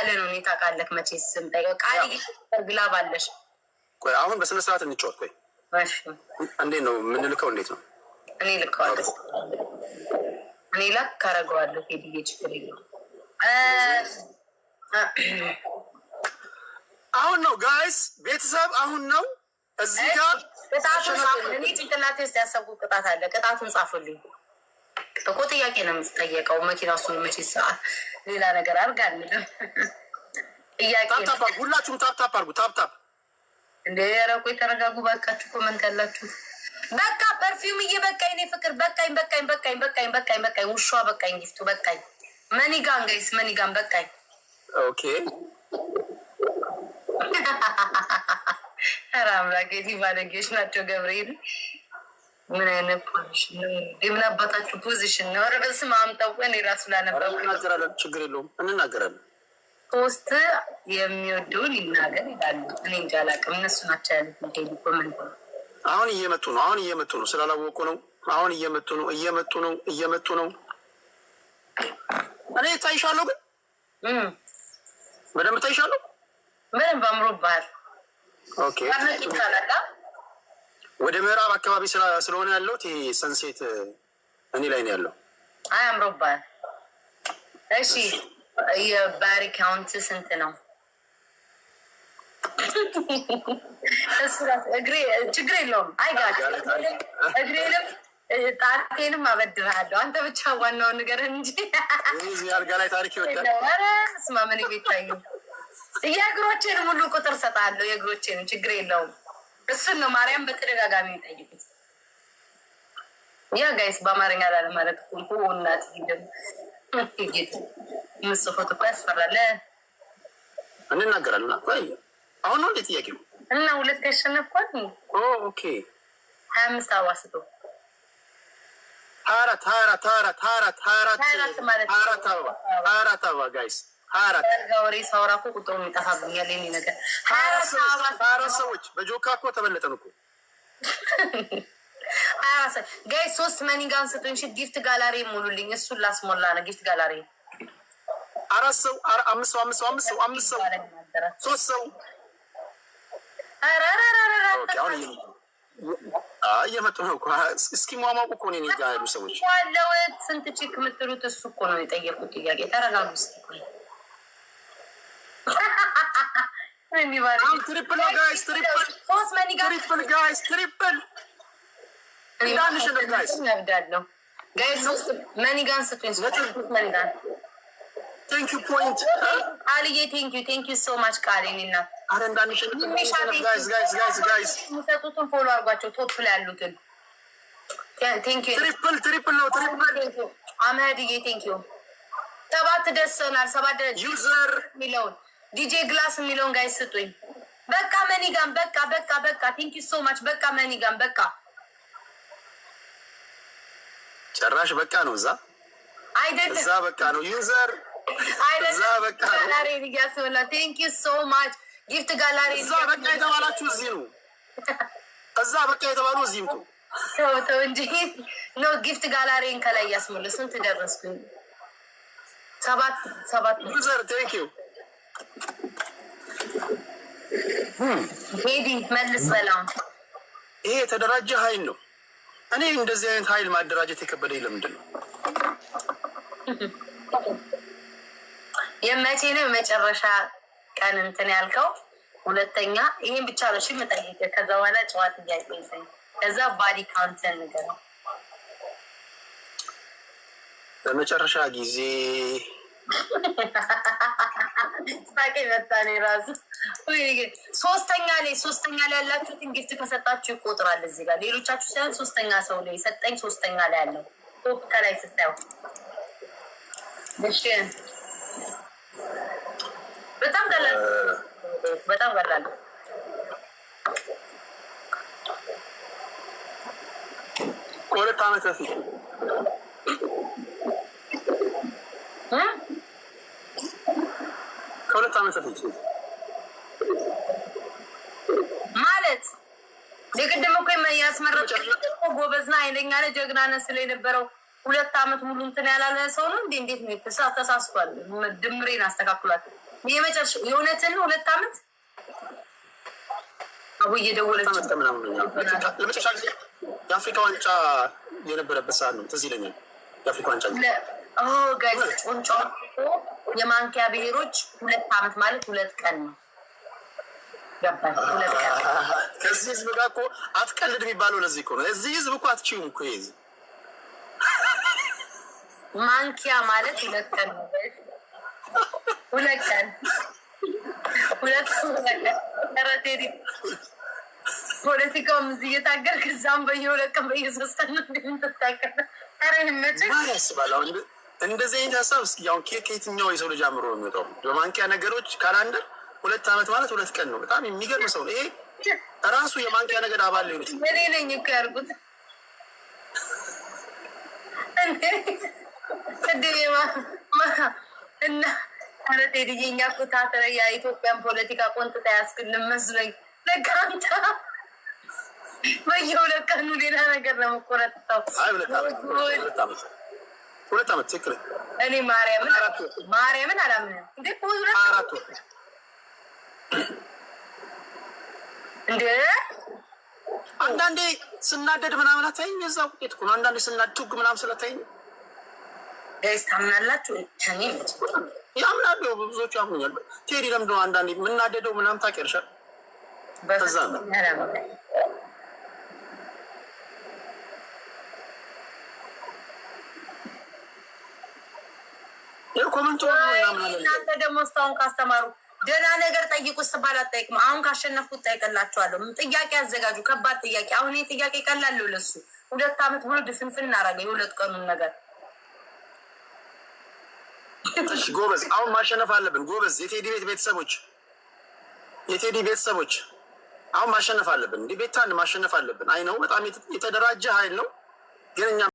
ያለ ነው። እኔ ታውቃለህ መቼ ስም ቃል ግላ ባለሽ አሁን በስነ ስርዓት እንጫወት። ቆይ እንዴት ነው የምንልከው? እንዴት ነው እኔ ልከዋለ እኔ ላክ ካረገዋለሁ። ሄድዬ ችግር የለው። አሁን ነው ጋይስ፣ ቤተሰብ አሁን ነው እዚህ ጋር ቅጣቱን እኔ ጭንቅላቴ ውስጥ ያሰብኩት ቅጣት አለ። ቅጣቱን ጻፉልኝ። እኮ ጥያቄ ነው የምትጠየቀው። መኪና እሱ መቼ ሰዓት ሌላ ነገር አድርግ አንልም። ሁላችሁም ታፕታፕ አርጉ። ታፕታፕ እንደ ረቁ የተረጋጉ ባካችሁ። ኮመንት ያላችሁ በቃ ፐርፊውም እየበቃኝ ነው። ፍቅር በቃኝ፣ በቃኝ፣ በቃኝ፣ በቃኝ፣ በቃኝ፣ በቃኝ፣ ውሿ በቃኝ፣ ጊፍቱ በቃኝ፣ መኒጋን ጋይስ መኒጋን በቃኝ። ኦኬ ኧረ አምላኬ ባለጌዎች ናቸው ገብርኤል ምን አይነት ፖዚሽን ነው? የምን አባታችሁ ፖዚሽን ነው? ኧረ በስመ አብ ጠውቀን የራሱ ላነበብ ችግር የለውም እንናገራለን። ሶስት የሚወደውን ይናገር ይላሉ። እኔ እንጃ አላውቅም። እነሱ ናቸው ያሉት። ሚሄዱ ኮመንት አሁን እየመጡ ነው። አሁን እየመጡ ነው። ስላላወቁ ነው። አሁን እየመጡ ነው። እየመጡ ነው። እየመጡ ነው። እኔ ታይሻለሁ፣ ግን በደንብ ታይሻለሁ። በደንብ አምሮብሃል። ኦኬ ወደ ምዕራብ አካባቢ ስለሆነ ያለሁት ይሄ ሰንሴት እኔ ላይ ነው ያለው። አይ አምሮባል። እሺ የባሪ ካውንት ስንት ነው? ችግር የለውም። አይ እግሬንም ጣቴንም አበድርሃለሁ። አንተ ብቻ ዋናውን ነገር እንጂ አልጋ ላይ ታሪክ ይወዳል። ስማ ምን ቤታዩ የእግሮቼንም ሁሉ ቁጥር ሰጣለሁ። የእግሮቼንም ችግር የለውም። እሱን ነው ማርያም በተደጋጋሚ የሚጠይቁት። ያ ጋይስ በአማርኛ ላለ ላለማለት ኩንኩ እናት ጌት ምጽፎት እኮ ያስፈራል። እንናገራለን አሁን ነው እንደ ጥያቄ ነው እና ሁለት ያሸነፍኳል። ኦኬ ሀያ አምስት አዋስቶ ሀያ አራት ሀያ አራት ሀያ አራት ሀያ አራት ሀያ አራት ማለት ሀያ አራት አበባ ሀያ አራት አበባ ጋይስ ሀያአራትገብሬ ሰውራ እኮ ቁጥሩ የሚጠፋብኛል የኔ ነገር። ሀያ ጋይ ሶስት መኒጋን ስጡኝ። እሺ ጊፍት ጋላሪ ሙሉልኝ። እሱን ላስሞላ ነው ጊፍት ጋላሪ አራት ሰው አምስት ሰው አምስት ሰው አምስት ሰው ሶስት ሰው እየመጡ ነው እኮ እስኪ ሟሟቁ እኮ ነው ያሉ ሰዎች ያለው ስንት ቺክ የምትሉት እሱ እኮ ነው የጠየቁት ጥያቄ። ተረጋሉ ስ ትሪፕል ጋይስ፣ ትሪፕል ጋይስ፣ ትሪፕል እንዳንሸነፍ ጋይስ፣ ነብዳለሁ ሰባት ደርሰናል። ሰባት ደረጃ ዩዘር የሚለውን ዲጄ ግላስ የሚለውን ጋይ ስጡኝ። በቃ መኒጋም በቃ በቃ በቃ ቴንኪ ዩ ሶ ማች በቃ መኒጋም በቃ ጨራሽ በቃ ነው። እዛ አይደለም እዛ በቃ ነው ዩዘር እዛ በቃ ነው ጋላሬን እያስበላ ቴንክ ሶ ማች ጊፍት ጋላሬ እዛ በቃ የተባላችሁ እዚህ ነው። እዛ በቃ የተባሉ እዚህ ነው። ተው ተው እንጂ ነው ጊፍት ጋላሬን ከላይ እያስመለስን ትደረስኩኝ ሰባት ሰባት ዩዘር ቴንክ ሄዲ መልስ በላው። ይሄ የተደራጀ ኃይል ነው። እኔ እንደዚህ አይነት ኃይል ማደራጀት የከበደኝ ለምንድን ነው? የመቼ ነው የመጨረሻ ቀን እንትን ያልከው? ሁለተኛ ይህን ብቻ ነው ሽ ከዛ በኋላ ጨዋት ጥያቄ ይዘኝ፣ ከዛ ባዲ ካውንትን ንገረው። በመጨረሻ ጊዜ ይመጣል። ራሱ ሶስተኛ ላይ ሶስተኛ ላይ ያላችሁትን ጊፍት ከሰጣችሁ ይቆጥራል። እዚህ ጋር ሌሎቻችሁ ሳይሆን ሶስተኛ ሰው ላይ ሰጠኝ። ሶስተኛ ላይ ያለው ቶፕ ከላይ ስታዩ በጣም ቀላል በጣም ቀላል ከሁለት ዓመት በፊት ማለት የቅድም እኮ ያስመረጠ ጎበዝና የነበረው ሁለት ዓመት ሙሉ እንትን ያላለ ሰው ነው እንዴ? እንዴት ነው ተሳስቷል? ድምሬን አስተካክሏል። የመጨረሻ የእውነትን ሁለት ዓመት አቡ እየደወለች ለመጨረሻ ጊዜ የአፍሪካ ዋንጫ የነበረበት ሰዓት ነው። ትዝ ይለኛል የአፍሪካ ዋንጫ ጋይዝ ቁንጮ የማንኪያ ብሔሮች ሁለት ዓመት ማለት ሁለት ቀን ነው። ሁለት ቀን ከዚህ ህዝብ ጋር እኮ አትቀልድ የሚባለው ለዚህ እኮ ነው። እዚህ ህዝብ እኮ አትችይውም እኮ ይሄ ማንኪያ ማለት ሁለት ቀን ነው። ሁለት ቀን ሁለት ቀን ፖለቲካውም እዚህ እየታገር ከዛም በየሁለት ቀን በየሶስት ቀን ነው እንደምትታገር ኧረ እንደዚህ አይነት ሀሳብ ያው ከየትኛው የሰው ልጅ አምሮ የሚወጣው? በማንቂያ ነገሮች ካላንደር ሁለት ዓመት ማለት ሁለት ቀን ነው። በጣም የሚገርም ሰው ነው ይሄ ራሱ የማንቂያ ነገር አባል ሊሆን ይችላል። እኔ ነኝ እኮ ያልኩት እና ኧረ ቴዲዬ እኛ የኢትዮጵያን ፖለቲካ ቆንጥጣ ያስግልን መስሎኝ ለጋንታ በየሁለት ቀኑ ሌላ ነገር ነው የምቆረጥተው። ሁለት ዓመት ትክክል። እኔ ማርያምን ማርያምን አላምንም እንዴ ሁለት እንዴ አንዳንዴ ስናደድ ምናምን አታይኝ። የዛ ውጤት እኮ ነው። አንዳንዴ ስናደድ ቱግ ምናምን ስለታይኝ ጋይስ ታምናላችሁ? እኔ ያምናሉ፣ ብዙዎቹ ያምኑኛል። ቴሪ ለምንድነው አንዳንዴ የምናደደው ምናምን ታውቂያለሽ። በዛ ነው እናንተ ደግሞ እስካሁን ካስተማሩ ደህና ነገር ጠይቁ ስባል አጠይቅም። አሁን ካሸነፍኩት ጠይቅላቸዋለሁ። ጥያቄ አዘጋጁ፣ ከባድ ጥያቄ። አሁን ይህ ጥያቄ ቀላለሁ ለሱ ሁለት ዓመት ሙሉ ድፍንፍን እናረገ የሁለት ቀኑን ነገር ጎበዝ። አሁን ማሸነፍ አለብን ጎበዝ። የቴዲ ቤት ቤተሰቦች የቴዲ ቤተሰቦች አሁን ማሸነፍ አለብን። እንዲህ ቤታን ማሸነፍ አለብን። አይ ነው በጣም የተደራጀ ኃይል ነው ግን እኛ